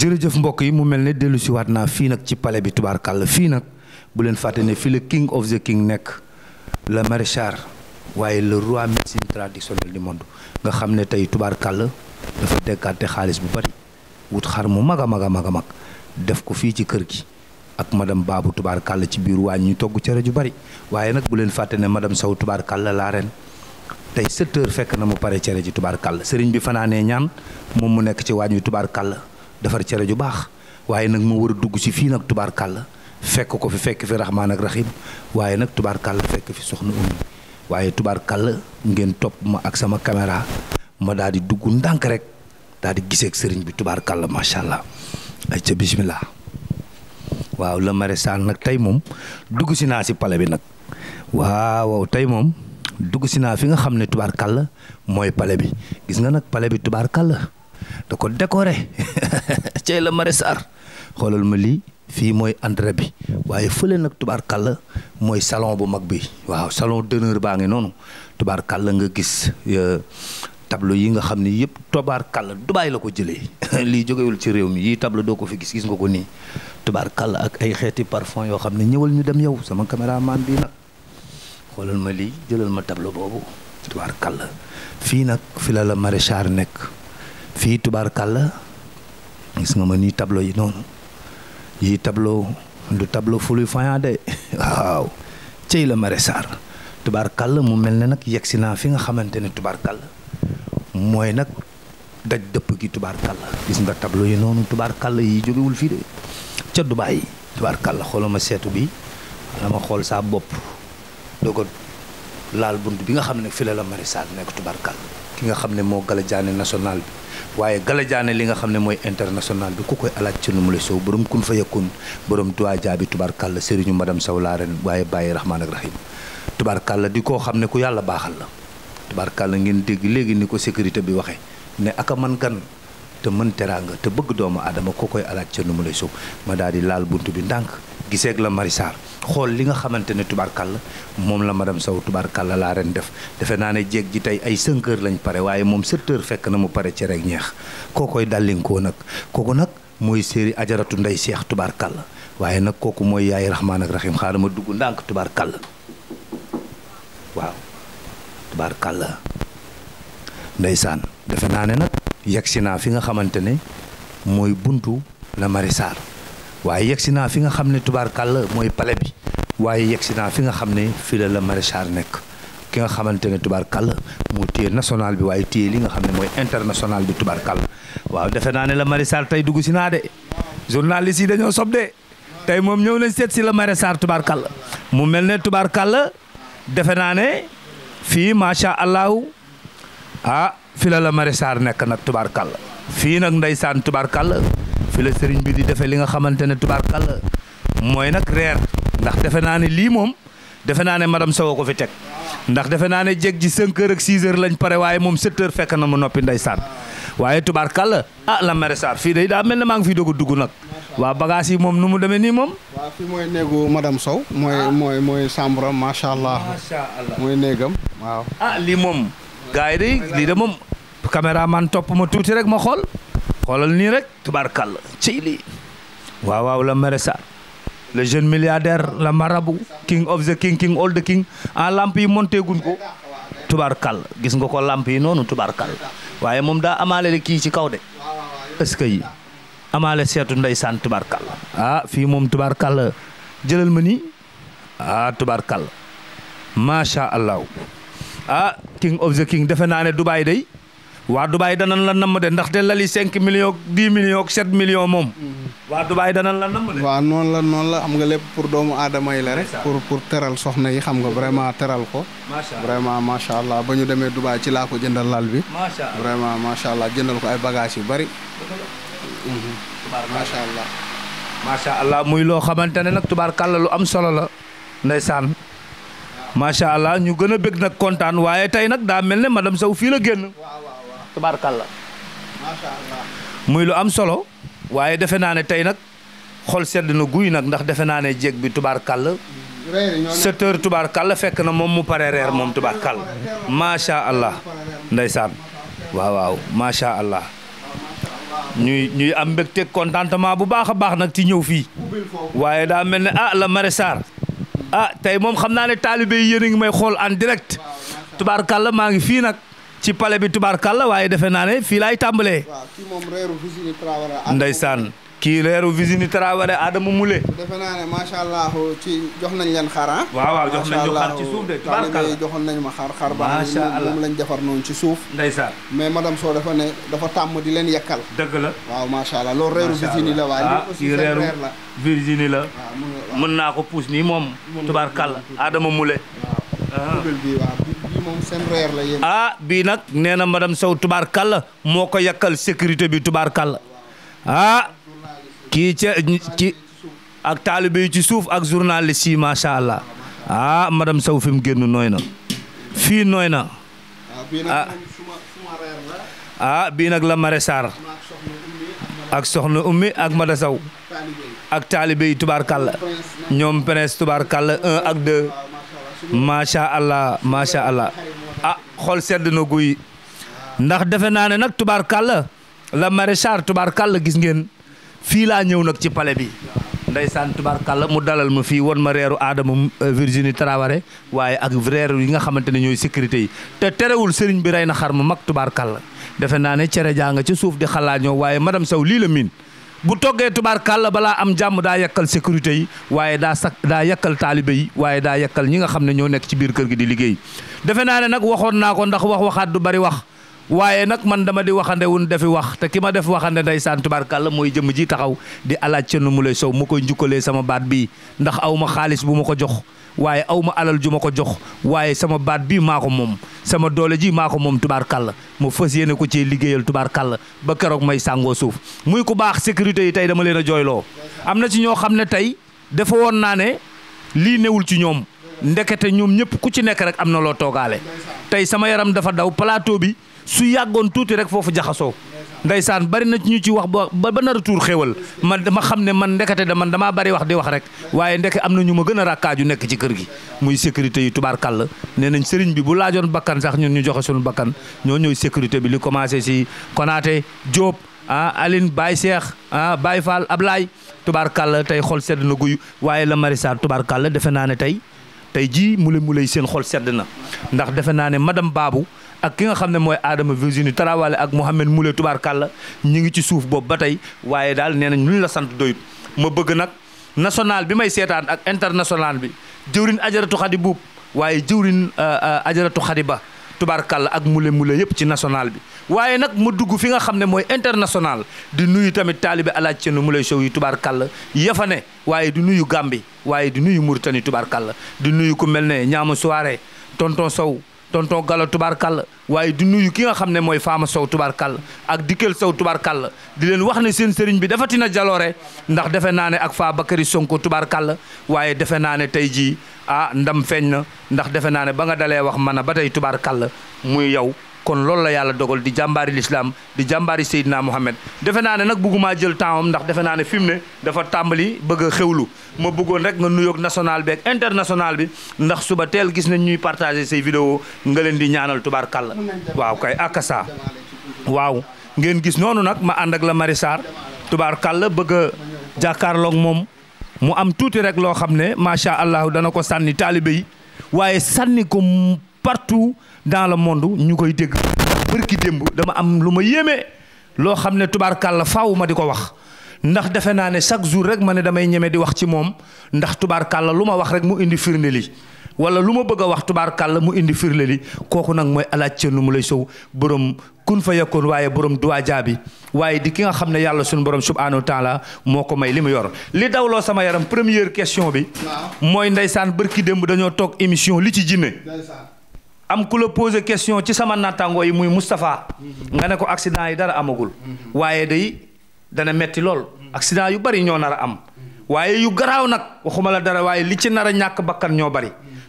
jërëjëf mbokk yi mu mel ne dellu si waat naa fii nag ci pale bi tubaarkàll fii nag bu leen fàtte ne fii la king of the king nekk la maréchal waaye le roi médecine traditionnelle du monde nga xam ne tey tubaarkàll dafa dekkaate xaalis bu bari wut xar mu mag a mag a mag mag def ko fii ci kër gi ak baabu Babou tubaarkàll ci biir waañ ñu togg cere ju bari waaye nag bu leen fàtte ne saw tubaar tubaarkàll laa ren tey 7 heures fekk na mu pare cere ji tubaarkàll sëriñ bi fanaanee ñaan moom mu nekk ci waañ wi tubaarkàll defar cere ju baax waaye nag ma war a dugg ci fii nag tubaar tubaarkàlla fekk ko fi fekk fi rahmaan ak rahim waaye nag tubaarkàlla fekk fi soxna Oumy waaye kàll ngeen topp ma ak sama caméra ma daal di dugg ndànk rek daal di gisee sëriñ bi tubaar tubaarkàlla macha allah ay ca bismillah waaw la maréchal nag tey moom dugg si naa si pale bi nag waaw tey moom dugg si naa fi nga xam ne tubaar kàll mooy pale bi gis nga nag pale bi tubaar tubaarkàlla da ko décoré cey la Mare Sarr xoolal ma lii fii mooy entrée bi waaye fële nag tubaar kàll mooy salon bu mag bi waaw salon d'honneur baa ngi noonu tubaar tubaarkàlla nga gis tableau yi nga xam ni yëpp tubaarkàlla Dubaay la ko jëlee lii jógewul ci réew mi yii tableau doo ko fi gis gis nga ko nii tubaarkàlla ak ay xeeti parfum yoo xam ne ñëwal ñu dem yow sama caméraman bii nag xoolal ma lii jëlal ma tableau boobu kàll fii nag fi la la Mare Sarr nekk fii tubaarkàlla gis nga ma nii tablo yi noonu yii tableau du tableau fuluy fayant de waaw cëy la Mare Sarr tubaarkàlla mu mel ne nag yegsi naa fi nga xamante ne tubaarkàlla mooy nag daj dëpp gi tubaarkàlla gis nga tablo yi noonu tubaar tubaarkàlla yi jógewul fii de ca Dubaay yi tubaarkàlla xoolal ma seetu bi dama xool saa bopp doo bunt bi nga xam ne fii la la Mare Sarr nekk tubaarkàlla ki nga xam ne moo galajaane national bi waaye galajaane li nga xam ne mooy international bi ku koy alaaj ci nu mu lay sow borom kun fa yakun borom duwaa jaabi tubaarkàlla sëriñu madame Sow laa ren waaye bàyyi rahmaan ak rahim tubaarkàlla di koo xam ne ku yàlla baaxal la tubaarkàlla ngeen dégg léegi ni ko sécurité bi waxee ne aka man kan te mën teraanga te bëgg doomu aadama koo koy alaaj ci nu mu lay sow ma daal di laal bunt bi ndànk giseeg la marisaar xool li nga xamante ne tubaarkàlla moom la madame Sow tubaarkàlla laa ren def defe naa ne jéeg ji tey ay 5 heures lañ pare waaye moom 7 fekk na mu pare ci rek ñeex kookoy dàllinkoo nag kooku nag mooy séri ajaratu ndey seex tubaarkàlla waaye nag kooku mooy yaay raxmaan ak raxiim xaaral ma dugg ndànk tubaarkàlla waaw ndeysaan defe naa ne nag yegg si naa fi nga xamante ne mooy buntu la marisaar waaye yegsi naa fi nga xam ne tubaarkàll mooy palais bi waaye yegsi naa fi nga xam ne fii la la maréchal nekk ki nga xamante ne tubaarkàll moo téye national bi waaye téye li nga xam ne mooy international bi tubaarkàll waaw defe naa ne la maréchal tey dugg si naa de journaliste yi dañoo sob de tey moom ñëw nañ seet si la maréchal tubaarkàll mu mel ne tubaarkàll defe naa ne fii macha allah ah fi la la maréchal nekk nag tubaarkàll fii nag ndeysaan tubaarkàll fi la sëriñ bi di defee li nga xamante ne tubaarkàlla mooy nag reer ndax defe naa ne lii moom defe naa ne madame Sow ko fi teg ndax defe naa ne jeg ji 5 heures ak 6 heures lañ pare waaye moom 7 heures fekk na mu noppi ndeysaan waaye tubaarkàlla ah la mère Sarr fii day daa mel ne maa ngi fiy doog a dugg nag waa bagage yi moom nu mu demee nii moom. waaw fii mooy néegu madame Sow. mooy ah. mooy mooy Sambra macha allah. macha allah mooy néegam waaw. ah lii moom. gars yi day lii de moom caméraman topp ma tuuti rek xoolal nii rek tubaarkàll ci lii waaw la mere Sarr le jeune milliardaire la marabu king of the king king all the ah, lamp yi monté guñ ko gis nga ko lamp yi noonu tubaarkàll waaye moom daa amaale kii ci kaw de est-ce que yi amaale seetu ndeysaan tubaarkàll ah fii moom tubaarkàll jëlal ma nii ah tubaarkàll macha allah ah king of the defe naa Dubaay day waa Dubaay danañ la namm de ndaxte lali cinq millions dix millions sept millions moom. Mm-hmm. waa Dubaay danañ la namm de. waaw noonu la noonu la xam nga lépp pour doomu aadama yi la rek. pour pour teral soxna yi xam nga mm-hmm. vraiment teral ko. macha allah macha allah ba ñu demee Dubaay ci laa ko jëndal lal bi. macha allah vraiment macha allah jëndal ko ay bagages yu bari. Mm-hmm. macha allah. muy loo xamante ne nag tubaarkàlla lu am solo la. ndeysaan. macha allah ñu gën a bëgg nag kontaan waaye tey nag daa mel ne madame Sow la génn. tubaarkàlla macha allah muy lu am solo waaye defe naa ne tey nag xol sedd na guy nag ndax defe naa ne jéeg bi tubaar tubaarkàlla sept heures tubaarkàlla fekk na moom mu pare reer moom tubaarkàlla macha allah ndeysaan waaw waaw macha allah ñuy ñuy am mbégte contentement bu baax a baax nag ci ñëw fii waaye daa mel ne ah la Mare Sarr ah tey moom xam naa ne taalibe yi yéen ngi may xool en direct tubaarkàlla maa ngi fii nag ci pale bi tubaar tubaarkàlla waaye defe naa ne fii laay tàmbalee. waaw kii moom reeru Vizini Traoré. ndeysaan kii reeru Vizini Traoré Adama Moule. defe naa ne macha allah ci jox nañ leen xar ah. waaw waaw jox nañ xar ci suuf de. tubaarkàlla joxoon nañ ma xar xar. macha allah moom lañ defar ci suuf. ndeysaan mais madame Sow dafa dafa tàmm di leen yekkal. dëgg la waaw macha allah loolu reeru Vizini la waaye. ah kii la. mën naa ko pousse nii moom. tubaarkàlla Adama Moule. waaw ah. moom seen reer ah, bii nag nee na saw tubaar tubaarkàlla moo ko yàkkal sécurité bi tubaarkàlla ah kii ca ci ak taalibe yi ci suuf ak journaliste yi macha allah ah madame Sow fi mu génn nooy na fii nooy na ah bii nag ah. Ah, la Mare ak soxna ummi ak Mada Sow ak taalibe yi tubaarkàlla ñoom prince tubaarkàlla un ak deux. macha allah macha allah ah xool sedd na guy ndax defe naa ne nag tubaar tubaarkàlla la tubaar tubaarkàlla gis ngeen fii laa ñëw nag ci pale bi ndeysaan tubaarkàlla mu dalal ma fii won ma reeru Adama euh, Virginie Traoré waaye ak reer yi nga xamante ne ñooy sécurité yi te terewul sëriñ bi rey na xar mu mag tubaar tubaarkàlla defe naa ne cere jaa nga ci suuf di xalaat ñoo waaye madame Sow lii la miin. bu toggee tubaarkàlla balaa am jàmm daa yàkkal sécurité yi waaye daa sa daa yakkal taalibe yi waaye daa yàkkal ñi nga xam ne ñoo nekk ci biir kër gi di liggéey defe naa ne nag waxoon naa ko ndax wax waxaat du bari wax waaye nag man dama di waxande wun defi wax te ki ma def waxande ndeysaan tubaarkàlla mooy jëm ji taxaw di alaaj ca nu mu lay sow mu koy njukkalee sama baat bii ndax aw ma xaalis bu ma ko jox waaye aw ma alal ju ma ko jox waaye sama baat bii maa ko moom sama doole ji maa ko moom tubaar kàll ma fas yéene ko ci liggéeyal tubaar kàll ba keroog may sàngoo suuf muy ku baax sécurité yi tey dama leen a jooyloo am na ci ñoo xam ne tey dafa woon naa ne lii newul ci ñoom ndekete ñoom ñëpp ku ci nekk rek am na loo toogaale tey sama yaram dafa daw plateau bi su yàggoon tuuti rek foofu jaxasoo ndeysaan bari na ñu ci wax ba ba nar a tuur xéwal ma dama xam ne man ndekete da man damaa bari wax di wax rek waaye ndeke am na ñu ma gën a rakkaaju nekk ci kër gi muy sécurité tubaar tubaarkàll nee nañ sëriñ bi bu laajoon bakkan sax ñu joxe sunu bakkan ñoo ñooy sécurité bi li commencé si Konaate Diop ah Aline Baye Cheikh ah ab laay tubaar tubaarkàll tey xol sedd na guyu waaye la tubaar tubaarkàll defe naa ne tey tey jii mule muley seen xol sedd na ndax defe naa ne madame Babou ak ki nga xam ne mooy Adama Virginie Tarawale ak Mouhamed tubaar Toubarkalla ñi ngi ci suuf boobu ba tey waaye daal nee nañ luñ la sant doyut ma bëgg nag national bi may seetaan ak international bi jëwrin ajaratu xadi buub waaye jëwrin euh, euh, ajaratu xadi ba tubaar tubaarkàlla ak mule mule yëpp ci national bi waaye nag ma dugg fi nga xam ne mooy international di nuyu tamit taalibe alaaj ceenu mulay sow yi tubaarkàlla yafa ne waaye di nuyu Gàmbi waaye di nuyu Mauritanie tubaarkàlla di nuyu ku mel ne ñaama soirée tonton sow tonton tubaar tubaarkàll waaye du nuyu ki nga xam ne mooy Fama tubaar tubaarkàll ak dikkel Dikel tubaar tubaarkàll di leen wax ne seen sëriñ bi dafa tina jaloore ndax defe naa ne ak Fa Bakary Sonko tubaarkàll waaye defe naa ne tey jii ah ndam feeñ na ndax defe naa ne ba nga dalee wax man a ba tey tubaar tubaarkàll muy yow kon loolu la yàlla dogal di jàmbaari lislaam di jàmbaari Seydina Mohamed defe naa ne nag bëggumaa jël temps ndax defe naa ne fi mu ne dafa tàmbali bëgg a xewlu ma bëggoon rek nga nuyoog national beek ak international bi ndax suba teel gis nañ ñuy partagé say vidéo nga leen di ñaanal tubaarkàlla waaw kay akasa waaw ngeen gis noonu nag ma ànd ak la Marie Sarr tubaarkàlla bëgg a jàkkaarloog moom mu am tuuti rek loo xam ne macha allah dana ko sànni taali yi partout dans le monde ñu koy dégg bërki démb dama am lu ma yéeme loo xam ne tubaar faaw ma di ko wax ndax defe naa ne chaque jour rek ma ne damay ñeme di wax ci moom ndax tubaar tubaarkàlla lu ma wax rek mu indi firnde li wala lu ma bëgg wax tubaar tubaarkàlla mu indi firle li kooku nag mooy alaaj ceen lu mu lay sow borom kun fa yakkoon waaye borom duwaa bi waaye di ki nga xam ne yàlla suñu borom subhaanahu wa moo ko may li mu yor li dawloo sama yaram première question bi mooy ndeysaan bërki démb dañoo toog émission li ci jinne am ku la posé question ci sama nattangoo yi muy Moustapha nga ne ko accident yi dara amagul waaye day dana metti lool accident yu bari ñoo nar a am waaye yu garaaw nag waxuma la dara waaye li ci nar a ñàkk bakkan ñoo bari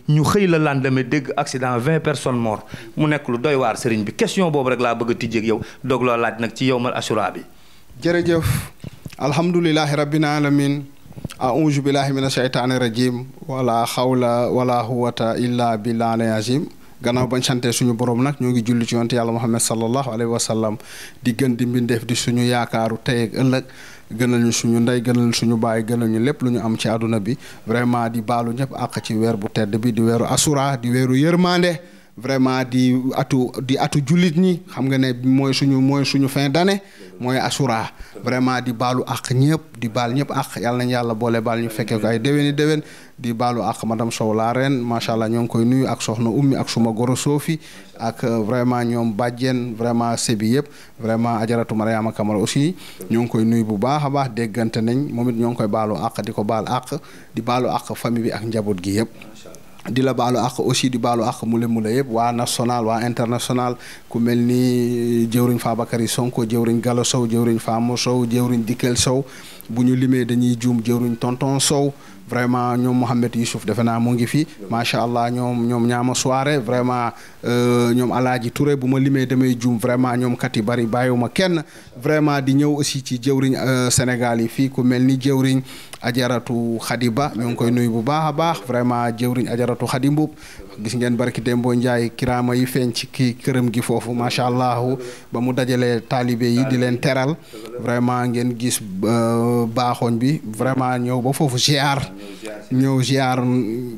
ñu xëy la lendemain dégg accident vingt personnes mortes mu nekk lu doy waar sëriñ bi question boobu rek laa bëgg a tijjeeg yow doog laaj nag ci yowmal assura bi jërëjëf alhamdulilahi rabbil alamin aouzu billahi min asheytaani rajim wala xawla wala xuwata illa gannaaw bañ santee suñu borom nag ñoo ngi julli ci yonte yàlla muhammad sallallahu alayhi wa sallam di gën di mbindeef di suñu yaakaaru tey ak ëllëg gënal ñu suñu ndey gënal suñu baay gënal ñu lépp lu ñu am ci àdduna bi vraiment di baalu ñëpp àq ci weer bu tedd bi di weeru asura di weeru yërmande vraiment di atu di atu jullit ñi xam nga ne mooy suñu mooy suñu fin d'année mooy asura vraiment di baalu àq ñëpp di baal ñëpp àq yàlla nañu yàlla boole baal ñu fekkee ko ay déwéni déwén di baalu àq madame Sow la reine macha allah ñoo ngi koy nuyu ak soxna ummi ak suma goro soofi ak euh, vraiment ñoom bàjjen vraiment sébi yëpp vraiment ajaratu Mariama Kamara aussi ñoo ngi koy nuyu bu baax a baax déggante nañ moom it ñoo ngi koy baalu àq di ko baal àq di baalu àq famille bi ak njaboot gi yëpp di la baalu aussi di baalu àq mule mule yëpp waa national wa international ku mel ni jëwriñ Fabakary Sonko jëwriñ Gallo Sow jëwriñ faamo Sow jëwriñ Dikel Sow bu ñu limee dañuy juum jëwriñ Tonton Sow vraiment ñoom Mouhamed Youssouf defe naa mu ngi fi macha allah ñoom ñoom ñaama soirée vraiment euh, ñoom Alaaji Touré bu ma limee demee juum vraiment ñoom kat yi bari ma kenn vraiment di ñëw aussi ci jëwriñ euh, Sénégal yi fii ku mel ni jëwriñ ajaratu Khadiba ñoo ngi koy nuyu bu baax a baax vraiment jëwriñ ajaratu Khadi Mbuub gis ngeen barki Dembo Ndiaye kiraama yi feeñ ci kii këram gi foofu macha allah ba mu dajalee taalibe yi di leen teral vraiment ngeen gis euh, baaxoñ bi vraiment ñëw ba foofu ziar ñëw ziar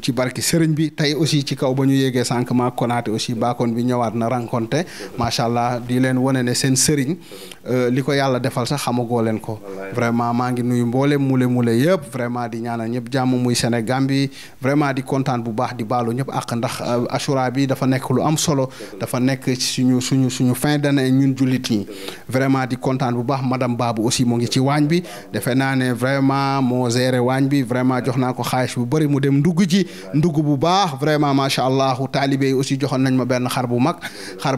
ci barki sëriñ bi tey aussi ci kaw ba ñu yéegee sànq maa konaate aussi baaxoon bi ñëwaat na rencontré macha allah di leen wane ne seen sëriñ Euh, li ko yàlla defal sax xamagoo leen ko vraiment maa ngi nuyu mboole mule mule yëpp vraiment di ñaanal ñëpp jàmm muy Sénégal bi vraiment di kontaan bu baax di baalu ñëpp ak ndax euh, assura bi dafa nekk lu am solo dafa nekk suñu suñu suñu fin d'année ñun jullit ñi vraiment di kontaan bu baax madame baabu aussi mu ngi ci waañ bi defe naa ne vraiment moo géré waañ bi vraiment jox naa ko xaalis bu bëri mu dem ndugg ji ndugg bu baax vraiment macha allah taalibe yi aussi joxoon nañ ma benn xar bu mag xar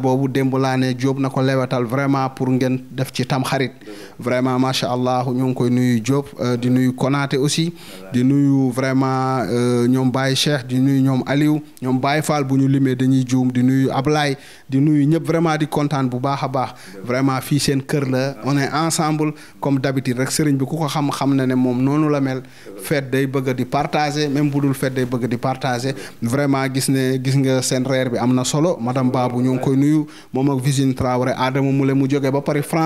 def ci xarit vraiment macha allah ñoo ngi koy nuyu Diop euh, di nuyu konaate aussi di nuyu vraiment euh, ñoom Baye Cheikh di nuyu ñoom Aliou ñoom Baye Fall bu ñu limee dañuy juum di nuyu Ablaye di nuyu ñëpp vraiment di kontaan bu baax a baax vraiment fii seen kër la on est ensemble comme d'habitude rek sëriñ bi ku ko xam xam ne ne moom noonu la mel fête day bëgg di partager même bu dul fête day bëgg di partager vraiment gis ne gis nga seen reer bi am na solo madame Babou ñoo ngi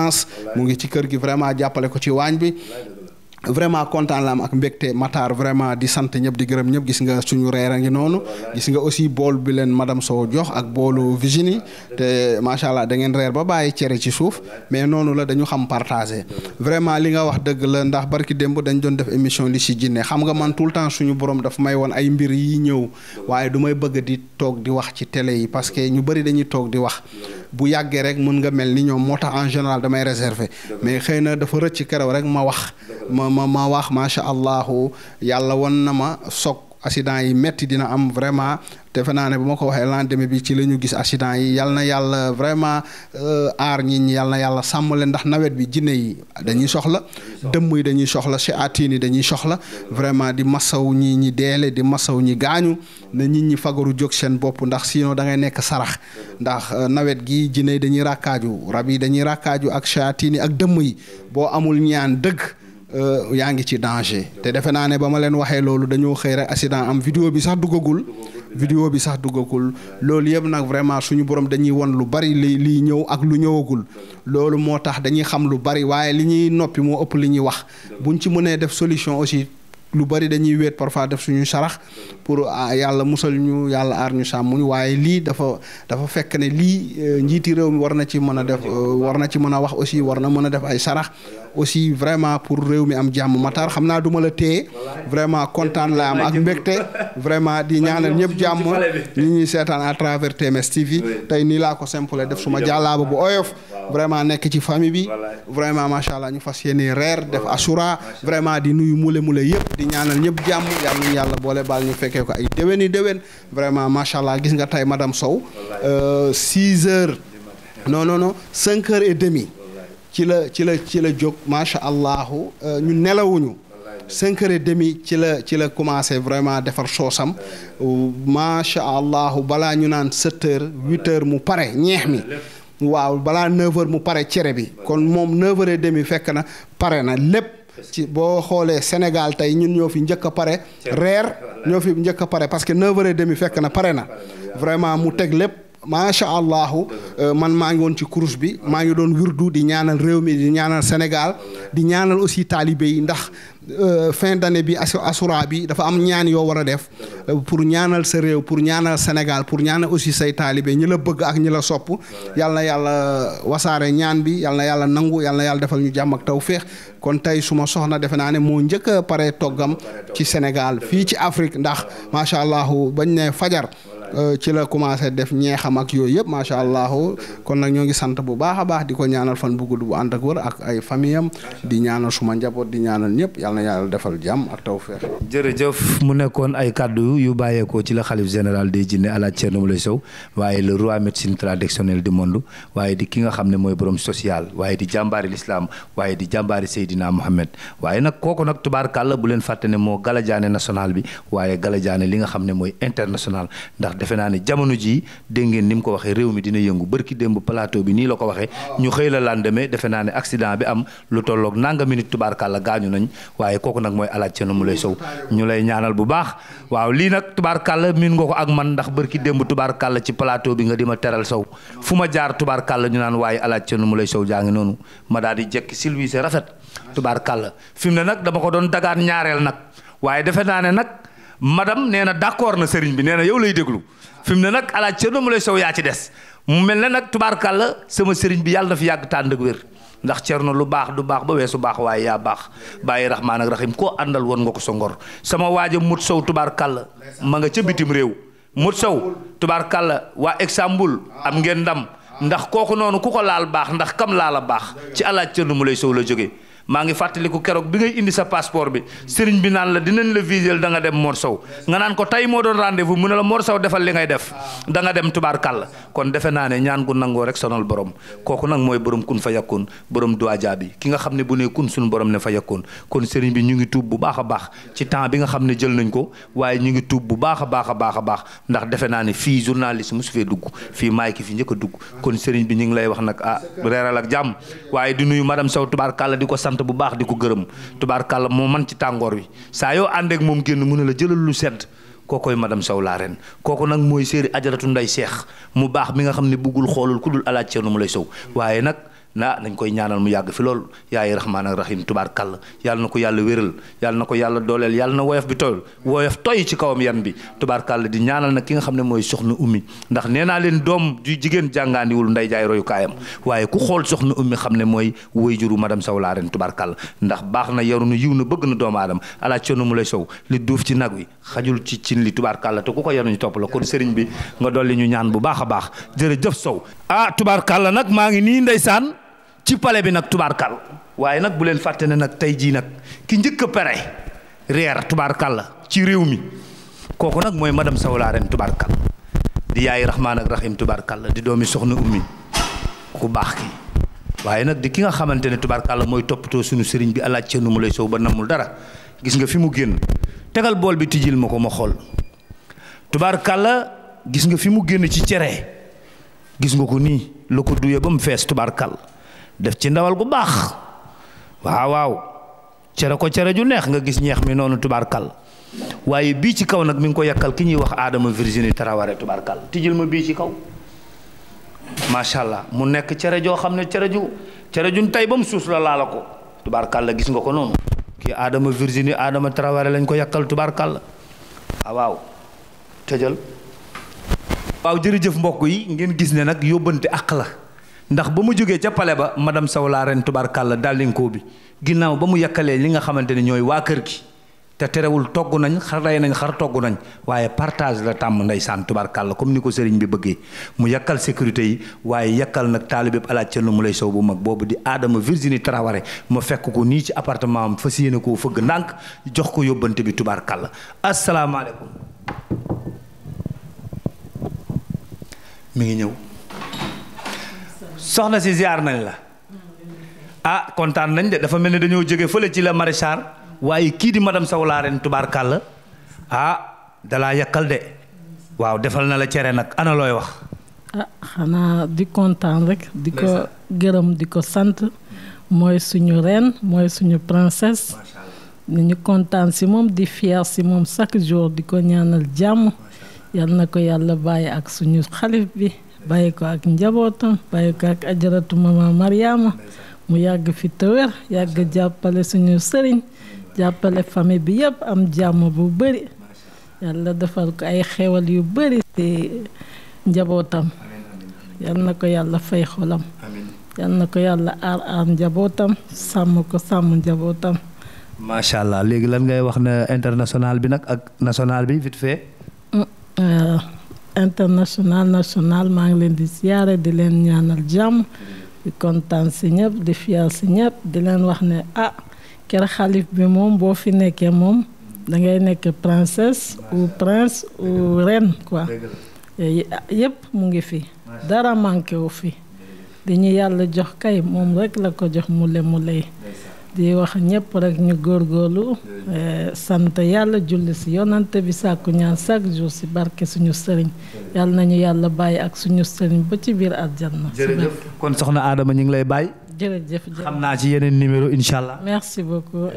France mu ngi ci kër gi vraiment jàppale ko ci waañ bi vraiment kontaan la ak mbégte Matar vraiment di sant ñëpp di gërëm ñëpp gis nga suñu reer a ngi noonu gis nga aussi bool bi leen madame Sow jox ak boolu visini te macha allah da ngeen reer ba bàyyi cere ci suuf mais noonu la dañu xam partagé vraiment li nga wax dëgg la ndax barki démb dañ doon def émission li si jinne xam nga man tout le temps suñu borom daf may won ay mbir yi ñëw waaye du may bëgg di wax ci télé yi parce que ñu bëri dañuy di wax. bu yàggee rek mën nga mel ni ñoom moo tax en général damay réservé mais xëy na dafa rëcc keroog rek ma wax ma ma ma wax macha allahu yàlla won na ma soog accident yi métti dina am vraiment defe naa ne bu ma ko waxee lendemain bi ci lañu gis accident yi yal na yàlla vraiment euh, aar ñi ñi yal na yàlla sàmm leen ndax nawet bi jinne yi dañuy soxla dëmm yi dañuy soxla seytaane yi dañuy soxla vraiment di massaw ñi ñi deele di massaw ñi gaañu na nit ñi fagaru jóg seen bopp ndax sinon da ngay nekk sarax ndax euh, nawet gi jinne yi dañuy ràkkaaju rab yi dañuy ràkkaaju ak seytaane yi ak dëmm yi boo amul ñaan dëgg Euh, yaa ngi ci danger te defe naa ne ba ma leen waxee loolu dañoo xëy rek accident am vidéo bi sax duggagul vidéo bi sax duggagul loolu yëpp nag vraiment suñu borom dañuy won lu bari lii lii ñëw ak lu ñëwagul loolu moo tax dañuy xam lu bari waaye li ñuy noppi moo ëpp li ñuy wax buñ ci mënee def solution aussi lu bari dañuy wéet parfois def suñuy sarax pour ah, yàlla musal ñu yàlla aar ñu sàmm waaye lii dafa dafa fekk ne lii euh, njiiti réew mi war na ci mën a def euh, war na ci mën a wax aussi war na mën a def ay sarax aussi vraiment pour réew mi am jàmm taar xam naa du ma la téye vraiment kontaan la am ak mbégte vraiment di ñaanal ñëpp jàmm ni ñuy seetaan à travers TMS TV tey nii laa ko simple def suma jàllaaba bu oyof vraiment nekk ci famille bi vraiment macha allah ñu fas yéene reer def asura vraiment di nuyu mule mule yëpp. di ñaanal ñëpp jàmm yal nañu yàlla boole baal ñu fekkee ko ay déwén i déwén vraiment macha allah gis nga tey madame Sow 6 euh, heures non non non ci la ci la ci la jóg macha allah euh, ñu nelawuñu. cinq demi ci la ci la commencé vraiment defar soosam macha allah balaa ñu naan sept heures huit mu pare ñeex mi waaw balaa neuf mu pare cere bi kon moom neuf heures demi fekk na pare na lépp. ci boo xoolee Sénégal tey ñun ñëw fi njëkk a pare reer ñoo fi njëkk pare parce que neuf heures et demi fekk na pare na vraiment mu teg lépp macha allahu euh, man maa ngi woon ci kurus bi maa ngi doon wirdu di ñaanal réew mi di ñaanal Sénégal di ñaanal aussi taalibe yi ndax Euh, fin d'année bi asura bi dafa am ñaan yoo war a def euh, pour ñaanal sa réew pour ñaanal Sénégal pour ñaanal aussi say taalibe ñi la bëgg ak ñi la sopp yal na yàlla wasaare ñaan bi yal na yàlla nangu yal yàlla defal ñu jàmm ak tawféex kon tey suma soxna defe naa ne moo njëkk a pare toggam ci Sénégal fii ci Afrique ndax macha allah bañ ne fajar Euh, ci la commencé def ñeexam ak yooyu yëpp macha allah kon nag ñoo ngi sant bu baax a baax di ko ñaanal fan bu gudd bu ànd ak wër ak ay famille di ñaanal suma njaboot di ñaanal ñëpp yal na yàlla defal jàmm ak tawfeex. jërëjëf mu nekkoon ay kàddu yu bàyyeekoo ci la xalif général des jinne Alaaji Thierno Moule Sow waaye le roi médecine traditionnelle du monde waaye di ki nga xam ne mooy borom social waaye di jàmbaari lislaam waaye di jàmbaari Seydina Mohamed waaye nag kooku nag tubaarkàlla bu leen fàtte ne moo galajaane national bi waaye galajaane li nga xam ne mooy international defe naa ne jamono jii dégg ngeen ni mu ko waxee réew mi dina yëngu bërki démb plateau bi nii la ko waxee ñu xëy la lendemain defe naa ne accident bi am lu tolloog nanga minute tubaarkàlla gaañu nañ waaye kooku nag mooy alaaj ca na mu lay sow ñu lay ñaanal bu baax waaw lii nag tubaarkàlla miin nga ko ak man ndax bërki démb tubaarkàlla ci plateau bi nga di ma teral sow fu ma jaar tubaarkàlla ñu naan waaye alaaj ca mu lay sow jaa ngi noonu ma daal di jekki silvise rafet tubaarkàlla fi mu ne nag dama ko doon dagaat ñaareel nag waaye madame nee na d'accord na sëriñ bi nee na yow lay déglu fi mu ne nag alaaj Thierno lay Sow yaa ci des mu mel ne nag tubaar tubaarkàlla sama sëriñ bi yàlla na fi yàgg tànd ak wér ndax Thierno lu baax du baax ba weesu baax waaye baax bàyyi rahmaan ak rahim koo àndal woon nga ko sa ngor sama waaja Mut Sow tubaarkàlla ma nga ca bitim réew Mut Sow tubaarkàlla waa Exambul am ngeen ndam ndax kooku noonu ku ko laal baax ndax kam laala baax ci alaaj mu lay Sow la jógee maa ngi fàttaliku keroog bi ngay indi sa passeport bi sëriñ bi naan la dinañ la visel da nga dem Mor nga naan ko tey moo doon rendez-vous mu ne la Mor Sow defal li ngay def da nga dem tubaarkàlla kon defe borom kooku nag mooy borom kun fa yakkoon borom duwajaa bi ki nga xam ne bu ne kun suñu borom ne kon sëriñ ñu ngi tuub bu baax a baax ci temps bi nga xam ne jël nañ ko waaye ñu ngi bu baax a a baax a baax ndax defe naa ne fii journaliste mosu fee dugg fii maay ki fi njëkk a dugg kon sëriñ bi ñu ngi lay wax nag ah reeral ak jàmm waaye di nuyu madame Sow tubaarkàlla di ko sant sant bu baax di ko gërëm tubaarkàlla moo man ci tàngoor wi saa yoo àndeek moom génn mu ne la jëlal lu sedd kookoy madame Sow laa ren kooku nag mooy séeri ajaratu nday seex mu baax mi nga xam ne buggul xoolul ku dul alaaj ceenu mu lay sow waaye nag naa dañ koy ñaanal mu yàgg fi loolu yaay rahmaan ak rahim tubaar kàll ko yàlla wéral yàlla na ko yàlla dooleel yàlla na woyof bi toyul woyof toy ci kawam yan bi tubaar kàll di ñaanal na ki nga xam ne mooy soxna ummi ndax nee naa leen doom ju jigéen jàngaandiwul nday jaay royukaayam waaye ku xool soxna ummi xam ne mooy woy juru madame Sow laa ren tubaar kàll ndax baax na yaru na yiw na bëgg na doomu aadama alaa coono mu lay sow li duuf ci nag wi xajul ci cin li tubaar kàll te ku ko yaruñu topp la kon sëriñ bi nga dolli ñu ñaan bu baax a baax jërëjëf sow ah, tubaar kàll nag maa ngi nii ndeysaan ci pale bi nag tubaarkal waaye nag bu leen fàtte ne nag tey jii nag ki njëkk a pere reer tubaarkal la ci réew mi kooku nag mooy ma dem Sow Laareen tubaarkal di yaay Rahman ak Rahim tubaar la di doomi soxna ummi ku baax ki waaye nag di ki nga xamante ne tubaarkal la mooy toppatoo sunu sëriñ bi alaaj ca nu mu lay sow ba namul dara gis nga fi mu génn tegal bool bi tijjil ma ko ma xool tubaarkal la gis nga fi mu génn ci cere gis nga ko nii lu ko duye ba mu fees tubaarkal def ci ndawal bu baax waaw waaw cere ko cere ju neex nga gis ñeex mi noonu tubaarkal waaye bii ci kaw nag mi ngi ko yakkal ki ñuy wax Adama Virginie Traoré tubaarkal tijjil ma bii ci kaw macha allah mu nekk cere joo xam ne cere ju cere juñ tey ba mu suus la laala ko tubaarkal la gis nga ko noonu kii Adama Virginie Adama Traoré lañ ko yakkal tubaarkal la waaw tëjal waaw jërëjëf mbokk yi ngeen gis ne nag yóbbante àq la ndax ba mu jógee ca pale ba madame Sow laa ren tubaarkàlla dàllinkoo bi ginnaaw ba mu yàkkalee li nga xamante ni ñooy waa kër gi te terewul togg nañ xar rey nañ xar togg nañ waaye partage la tàmm ndeysaan tubaarkàlla comme ni ko sëriñ bi bëggee mu yàkkal sécurité yi waaye yàkkal nag taalibeb alaaj cëll mu lay saw bu mag boobu di aadama virgini Traoré ma fekk ko nii ci apartement am fas yéene koo fëgg ndànk jox ko yóbbante bi tubaarkàlla asalaamaaleykum mi ngi ñëw soxna si ziar nañ la ah kontaan nañ de dafa mel ni dañoo jóge fële ci la maraîchar waaye kii di madame Sow laa ren tubaarkàlla ah dalaa yàqal de waaw defal na la cere nag ana looy wax. ah xanaa di kontaan rek. di ko gërëm di ko sant mooy suñu ren mooy suñu princesse. ni kontaan si moom di fier si moom chaque jour di ko ñaanal jàmm yal na ko yàlla bàyyi ak suñu xalif bi. bàyyi ko ak njabootam bàyyi ko ak ajaratu mama Mariama mu yàgg fi te yàgg jàppale suñu sëriñ jàppale famille bi yëpp am jàmm bu bëri yàlla defal ko ay xewal yu bëri te njabootam yal na yàlla fay xolam ko yàlla aar njabootam sàmm ko sàmm njabootam. macha allah léegi lan ngay wax na international bi nag ak national bi vite fait. Mm, euh, international national maa ngi leen di siyaare di leen ñaanal jàmm di kontaan si ñëpp di fiyaal si ñëpp di leen wax ne ah ker xalif bi moom boo fi nekkee moom dangay nekk princesse ou prince ou reine quoi yëpp mu ngi fi dara manqué wu fi di ñu yàlla jox kay moom rekk la ko jox mule muley di wax ñëpp rek ñu góor góorgóorlu eh, sant yàlla julli si yonante bi sàkku ñaan chaque jour si barke suñu sëriñ yàlla nañu yàlla bàyyi ak suñu sëriñ ba ci biir àjjana jërëjëf kon soxna aadama ñu ngi lay bàyyi jërëjëf xam naa ci yeneen numéro incha allah. merci beaucoup.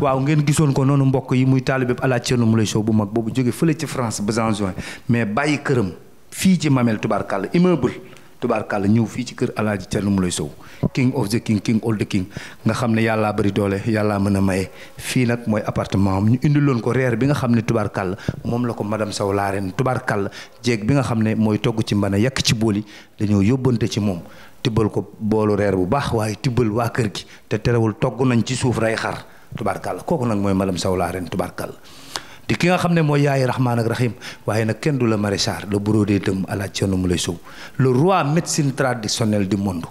waaw ngeen gisoon ko noonu mbokk yi muy taalibe Alaaji Thierno Moule Sow bu mag boobu jóge fële ci France Besançon mais bàyyi këram fii ci Mamel tubaarkàlla immeuble. tubaarkàlla ñëw fii ci kër alaaji Thierno Moule Sow king of the king king all the king nga xam ne yàllaa bari doole yàlla mën a maye fii nag mooy appartement am ñu indiloon ko reer bi nga xam ne tubaarkàlla moom la ko madame Sow laa ren tubaarkàlla jéeg bi nga xam ne mooy togg ci mbana yàkk ci booli dañoo yóbbante ci moom tibbal ko boolu reer bu baax waaye tibbal waa kër gi te terewul togg nañ ci suuf ray xar tubaarkàlla kooku nag mooy madame Sow laa ren di ki nga xam ne mooy yaay rahmaan ak rahim waaye nag kenn du la maraîchar le bureau des dëmm alaaj Thierno Moulé Sow le roi médecine traditionnelle di monde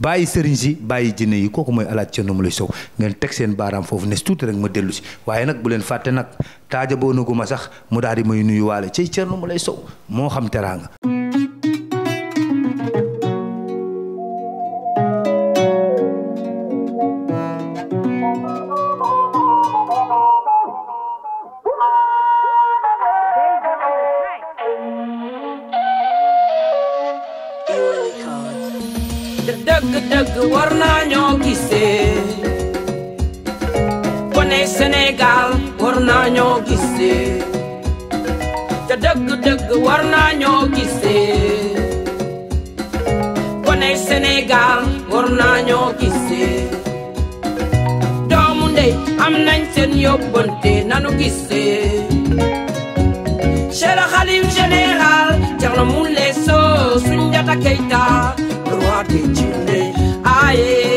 bàyyi sëriñ si bàyyi jinne yi kooku mooy alaaj Thierno lay Sow ngeen teg seen baaraam foofu nes tuuti rek ma dellu si waaye nag bu leen fàtte nag taaja boo nagu ma sax mu daal di may nuyuwaale ci Thierno lay Sow moo xam teraanga dëgg-dëgg war naa ñoo gisee kone Sénégal war naa ñoo gisee te dëgg-dëgg war naa ñoo gisee kone Sénégal war am nañ seen yóbbante nanu gisee Cheikh Khalif général Thierno Moule Sow Soundiata Keita que te dei a ele.